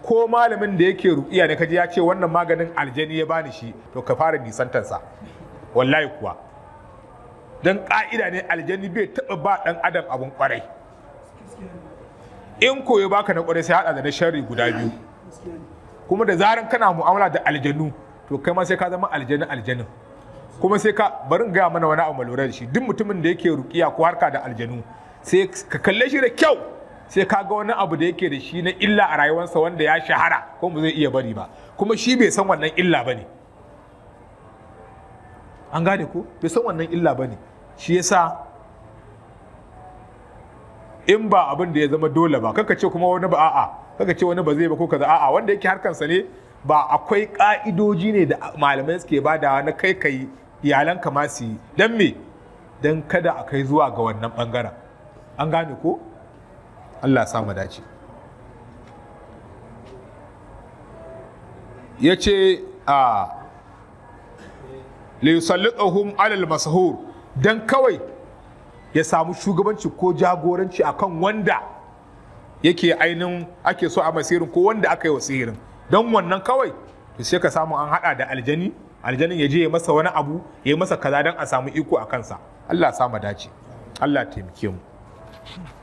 ko malamin da yake ruƙiya ne kaji ya ce wannan maganin aljani ya bani shi to ka fara nisantansa wallahi kuwa don ƙa'ida ne aljani bai taɓa ba ɗan adam abun ƙwarai in koyo baka na ƙwarai sai haɗa da na guda biyu kuma da zaran kana mu'amala da aljanu to kai ma sai ka zama aljanin aljanin kuma sai ka barin gaya mana wani abu lura da shi duk mutumin da yake ruƙiya ko harka da aljanu sai ka kalle shi da kyau sai ka ga wani abu da yake da shi na illa a rayuwarsa wanda ya shahara ko ba zai iya bari ba kuma shi bai san wannan illa ba ne an gane ko bai san wannan illa ba ne shi yasa in ba abin da ya zama dole ba kaka ce kuma wani ba a'a kaka ce wani ba zai ba ko kaza a'a wanda yake harkansa ne ba akwai ka'idoji ne da malamai suke badawa na kai kai iyalanka ma su yi don me don kada a kai zuwa ga wannan bangaren an gane ko allah samu dace ya ce a liyusallitahum alal masahur don kawai ya samu shugabanci ko jagoranci akan wanda yake ainihin ake so a masirin ko wanda aka yi wa don wannan kawai to sai ka samu an hada da aljani aljanin ya je ya masa wani abu ya masa kaza don a samu iko a kansa Allah samu dace Allah taimake mu s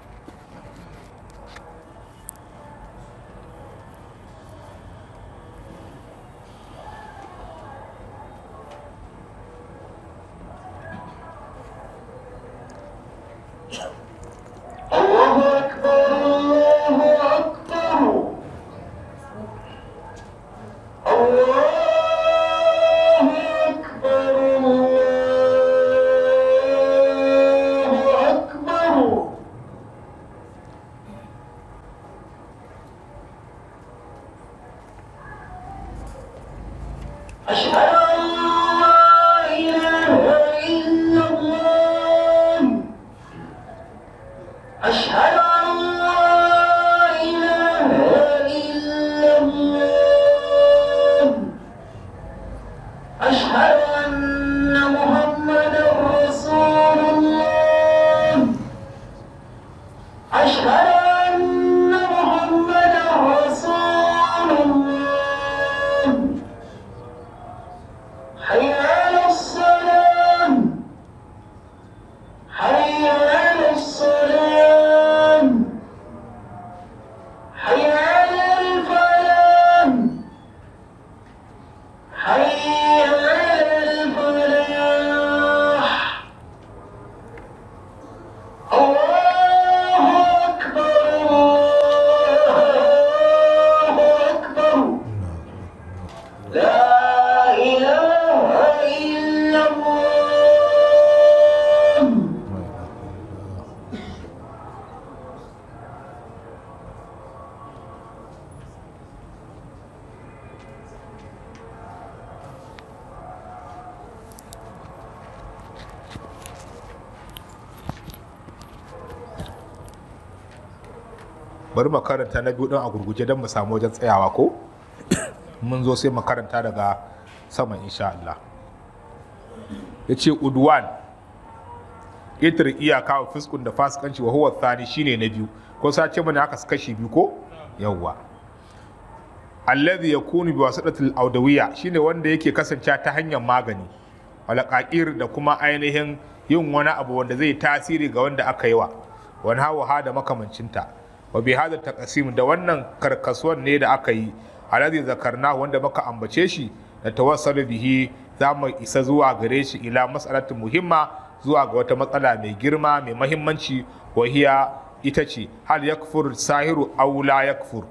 bari makaranta na biyu din a gurguje don mu samu wajen tsayawa ko mun zo sai makaranta daga sama insha Allah ya ce udwan ƙetare iyaka wa fiskun da fasikanci wa huwa tsani shine na biyu ko sa ce mana haka kashi biyu ko yawwa alladhi yakunu bi wasatatil shine wanda yake kasance ta hanyar magani walaqaqir da kuma ainihin yin wani abu wanda zai tasiri ga wanda aka yi wa wani hawa da makamancinta wa bi hada taqsim da wannan karkasuwan ne da aka yi alladhi zakarna wanda muka ambace shi da tawassul bihi za mu isa zuwa gare shi ila mas'alatu muhimma zuwa ga wata matsala mai girma mai mahimmanci wa hiya ita ce hal yakfur sahiru aw la yakfur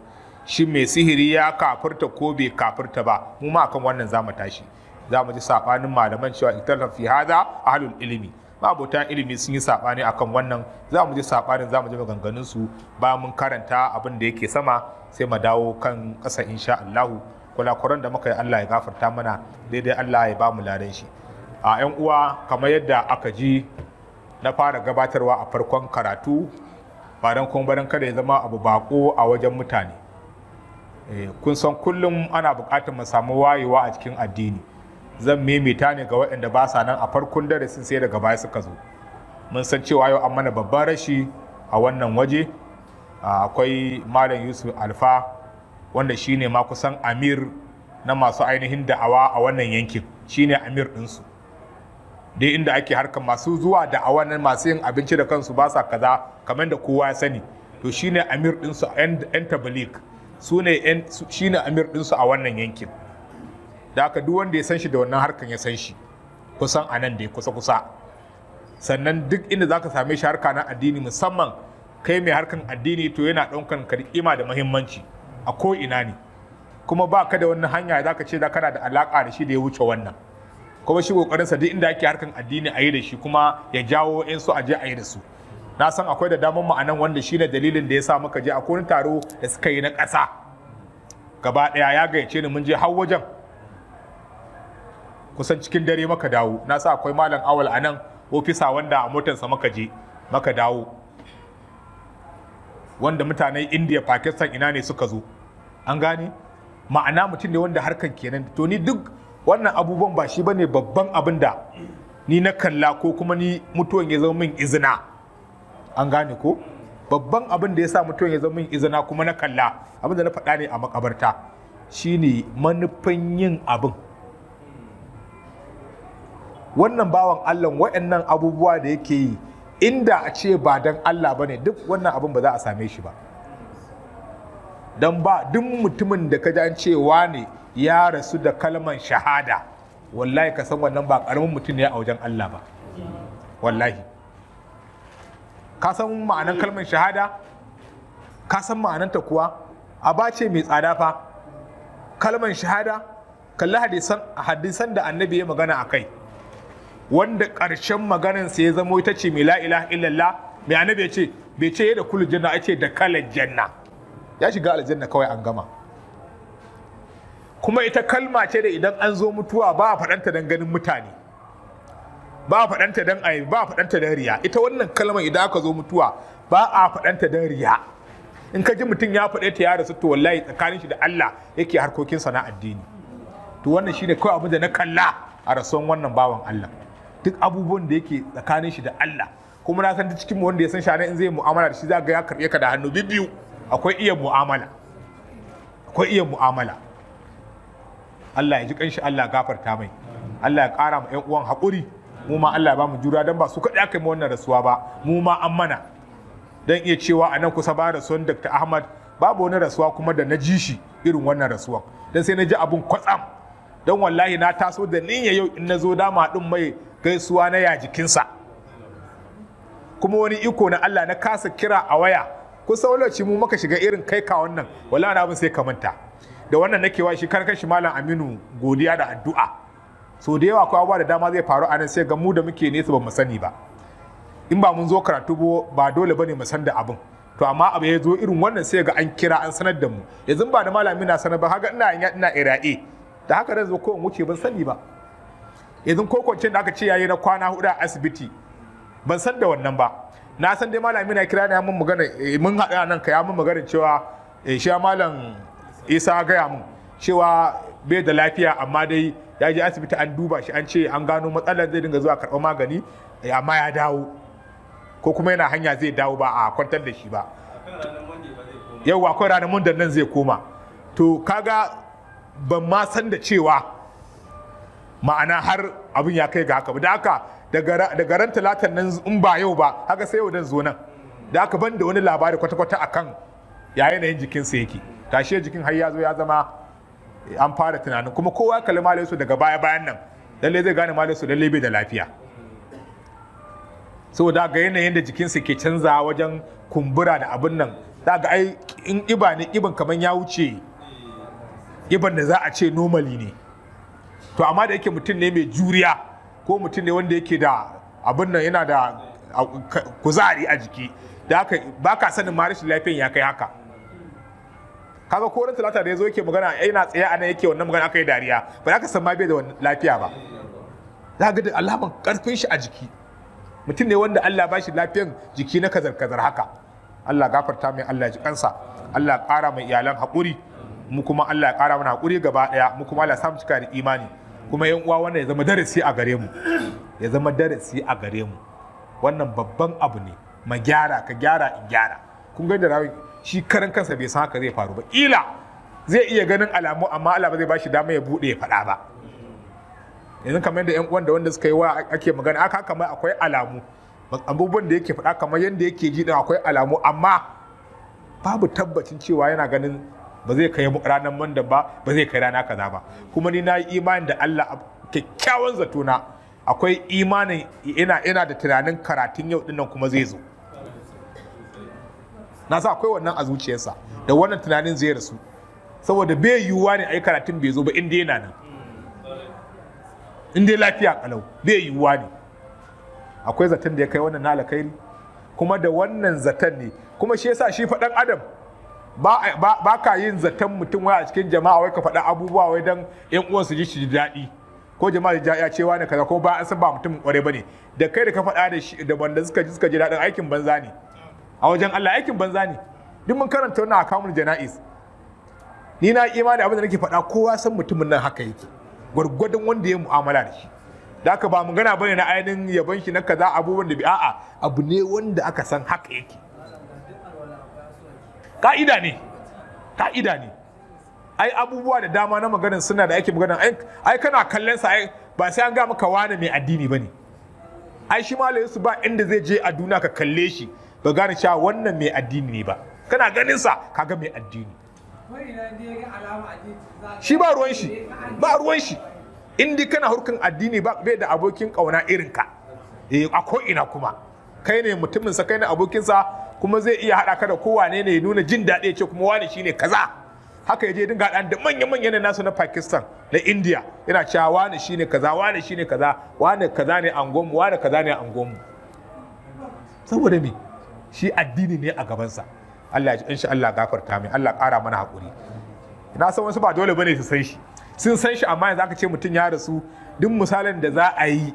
shi mai sihiri ya kafirta ko bai kafirta ba mu ma akan wannan za mu tashi za mu ji sabanin malaman cewa iktalaf fi hada ahlul ilmi ma'abota ilimi sun yi saɓani kan wannan za mu je saɓanin za mu je maganganun su ba mun karanta abin da yake sama sai mu dawo kan ƙasa insha Allahu kulakuran da muka yi Allah ya gafarta mana daidai Allah ya ba mu ladan shi a yan uwa kamar yadda aka ji na fara gabatarwa a farkon karatu ba don kuma barin kada ya zama abu bako a wajen mutane eh, kun san kullum ana buƙatar mu samu wayewa a cikin addini zan mimita ne ga waɗanda ba sa nan a farkon darasin sai daga baya suka zo mun san cewa yau an mana babban rashi a wannan waje akwai malam yusuf alfa wanda shine ma kusan amir na masu ainihin da'awa a wannan yankin shine amir ɗinsu dai inda ake harkar masu zuwa da'awa nan masu yin abinci da kansu ba sa kaza kamar da kowa ya sani to shine amir ɗinsu 'yan tabalik su ne shine amir ɗinsu a wannan yankin da aka duk wanda ya san shi da wannan harkan ya san shi kusan a nan da ya kusa kusa sannan duk inda za ka same shi harka na addini musamman kai mai harkan addini to yana ɗaukan kar'ima da mahimmanci a ko ina ne kuma ba ka da wannan hanya za ka ce za kana da alaƙa da shi da ya wuce wannan kuma shi ƙoƙarinsa duk inda ake harkan addini a yi da shi kuma ya jawo in su a je a yi da su na san akwai da damar ma'anan wanda shi ne dalilin da ya sa muka je a wani taro da suka yi na ƙasa gaba ɗaya ya gayyace ni mun je har wajen kusan cikin dare maka dawo na sa akwai malam awal a nan ofisa wanda a motarsa maka je maka dawo wanda mutanen india pakistan ina ne suka zo an gane ma'ana mutum ne wanda harkan kenan to ni duk wannan abubuwan ba shi bane babban abin da ni na kalla ko kuma ni mutuwan ya zama min izina an gane ko babban abin da ya sa mutuwan ya zama min izina kuma na kalla abin da na faɗa ne a makabarta shine manufan yin abin wannan bawan Allah waɗannan abubuwa da yake yi inda a ce ba dan Allah bane duk wannan abin ba za a same shi ba Don ba duk mutumin da ka an cewa ne ya rasu da kalman shahada wallahi ka san wannan ba karamin mutum ne a wajen Allah ba wallahi ka san ma'anan kalmar shahada ka san ma'ananta kuwa A ba ce mai tsada fa kalmar shahada kalli hadisan da annabi ya magana a kai wanda ƙarshen maganar sa ya zamo ita ce mai la'ila illallah mai annabi ya ce bai ce da kullu janna ake ce da kala janna ya shiga aljanna kawai an gama kuma ita kalma ce da idan an zo mutuwa ba a faɗanta don ganin mutane ba a faɗanta don ayi ba a faɗanta don riya ita wannan kalmar idan aka zo mutuwa ba a faɗanta don riya in ka ji mutum ya faɗe ta ya rasu to wallahi tsakanin shi da Allah yake harkokinsa na addini to wannan shine kawai abin da na kalla a rasuwan wannan bawan Allah duk abubuwan da yake tsakanin shi da Allah kuma na san cikin wanda ya san shi in zai mu'amala da shi za ga ya karɓe ka da hannu biyu akwai iya mu'amala akwai iya mu'amala Allah ya ji kanshi Allah gafarta mai Allah ya ƙara ma 'yan uwan hakuri mu ma Allah ya ba mu jura dan ba su kadai aka yi wannan rasuwa ba mu ma an mana don iya cewa a nan kusa ba rasuwan Dr. Ahmad babu wani rasuwa kuma da na ji shi irin wannan rasuwan don sai na ji abun kwatsam dan wallahi na taso da niyya yau in na zo dama din mai gaisuwa na ya jikinsa kuma wani iko na Allah na kasa kira a waya kusa wani mu maka shiga irin kai ka wannan wala na abin sai ka manta da wannan nake wa shi karkar shi malam Aminu godiya da addu'a so da yawa ko abubuwa da dama zai faru a nan sai ga mu da muke nesa ba mu sani ba in ba mun zo karatu ba dole bane mu san da abin to amma abu ya zo irin wannan sai ga an kira an sanar da mu yanzu ba da malami na sanar ba haka ina ina ira'i da haka zan zo ko in wuce ban sani ba yanzu ko kwanciyar da aka ce yayi na kwana hudu a asibiti ban san da wannan ba na san dai malami na kira na mun magana eh, mun haɗa nan ka ya mun magana cewa eh, shi malam isa gaya mun cewa bai da lafiya amma dai ya je asibiti an duba shi an ce an gano matsalar zai dinga zuwa karɓar magani eh, amma ya dawo ko kuma yana hanya zai dawo ba a kwantar da shi ba yau akwai ranar mun nan zai koma to kaga ban ma san da cewa ma'ana har abin ya kai ga haka ba. da haka daga ran talatan nan in ba yau ba haka sai yau dan zo nan da haka ban da wani labari kwata-kwata akan ya yanayin jikinsa yake tashi jikin har ya zo ya zama eh, an fara tunanin kuma kowa ya kalli malayensu daga baya bayan nan lalle zai gane malayensu lalle bai da lafiya da ga yanayin da sa ke canza wajen kumbura da abin nan da ga ai in iba ne iban kamar ya wuce iban da za a ce normally ne to amma da yake mutum ne mai juriya ko mutum ne wanda yake da abin nan yana da kuzari a jiki da haka ba ka sanin ma rashin lafiyan ya kai haka kaga ko talata da ya zo yake magana yana tsaye a nan yake wannan magana aka yi dariya ba za ka san ma bai da lafiya ba za ga da alaman karfin shi a jiki mutum ne wanda Allah ba shi lafiyan jiki na kazar kazar haka Allah gafarta mai Allah ji kansa Allah ƙara mai iyalan haƙuri mu kuma Allah ya ƙara mana haƙuri gaba ɗaya mu kuma Allah samu cika da imani kuma yan uwa wannan ya zama darasi a gare mu ya zama darasi a gare mu wannan babban abu ne ma gyara ka gyara in gyara kun ga da rawi shi karan kansa bai san haka zai faru ba kila zai iya ganin alamu amma Allah ba zai bashi dama ya bude ya faɗa ba yanzu kamar da yan uwan da wanda suka yi wa ake magana aka kamar akwai alamu abubuwan da yake faɗa kamar yadda yake ji akwai alamu amma babu tabbacin cewa yana ganin ba zai kai ranar manda ba ba zai kai rana kaza ba kuma ni na yi imanin da Allah kyakkyawan zato na akwai imanin ina ina da tunanin karatun yau dinnan kuma zai zo na sa akwai wannan a zuciyarsa da wannan tunanin zai rasu saboda bai yiwuwa ne ai karatun bai zo ba inda yana nan inda lafiya kalau bai yiwuwa ne akwai zaton da ya kai wannan na alkhairi kuma da wannan zaton ne kuma shi yasa shi faɗan adam ba ka yin zaton mutum wai a cikin jama'a wai ka faɗa abubuwa wai don yan uwan su ji shi daɗi ko jama'a ji a cewa ne kaza ko ba a san ba mutum ba ne. da kai da ka faɗa da shi da wanda suka ji suka ji daɗin aikin banza ne a wajen Allah aikin banza ne duk mun karanta wannan akamul jana'is ni na imani abin da nake faɗa kowa san mutumin nan haka yake gwargwadon wanda ya mu'amala da shi da haka ba magana bane na ainihin yaban shi na kaza abubuwan da bi a'a abu ne wanda aka san haka yake ka'ida ne ka'ida ne ai abubuwa da dama na maganin suna da ake magana. ai kana kallon sa ba sai an ga maka wani mai addini bane ai shi malamin yusuf ba inda zai je a duna ka kalle shi ba gane cewa wannan mai addini ne ba kana ganin sa kaga mai addini shi ba ruwan shi ba ruwan shi in kana hurkan addini ba bai da abokin kauna irin ka eh a ko ina kuma kai ne mutumin sa kai ne abokin sa kuma zai iya haɗa ka da kowane ne ya nuna jin daɗi ya ce kuma wani shine kaza haka ya je dinga haɗa da manya-manya na nasu na Pakistan na India yana cewa wani shine kaza wani shine kaza wani kaza ne gomu wani kaza ne gomu saboda me shi addini ne a gabansa Allah ya insha Allah gafarta mai Allah ƙara mana haƙuri na san wasu ba dole bane su san shi sun san shi amma yanzu aka ce mutum ya rasu duk misalin da za a yi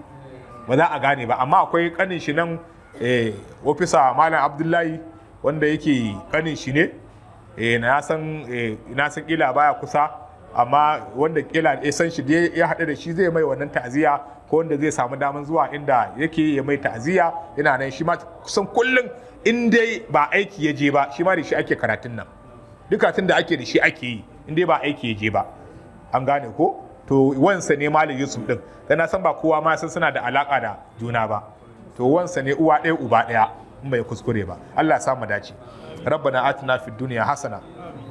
ba za a gane ba amma akwai kanin shi nan Eh, ofisa malam abdullahi wanda yake kanin shi ne eh, eh, na san kila baya kusa amma wanda kila ya san shi ya haɗu da shi zai mai wannan ta'aziyya ko wanda zai samu daman zuwa inda yake ya mai ta'aziyya yana nan shi ma kusan kullum in dai ba aiki ya je ba shi ma da shi ake karatun nan duka tun da ake da shi ake yi in dai ba aiki ya je ba an gane ko to wansa ne malam yusuf din dan san ba kowa ma san suna da alaka da juna ba to wansa ne uwa ɗaya uba ɗaya in bai kuskure ba Allah ya samu dace ربنا آتنا في الدنيا حسنة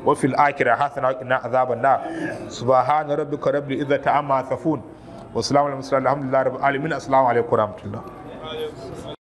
وفي الآخرة حسنة وقنا عذاب النار سبحان ربك رب العزة عما يصفون والسلام على المرسلين الحمد لله رب العالمين السلام عليكم ورحمة الله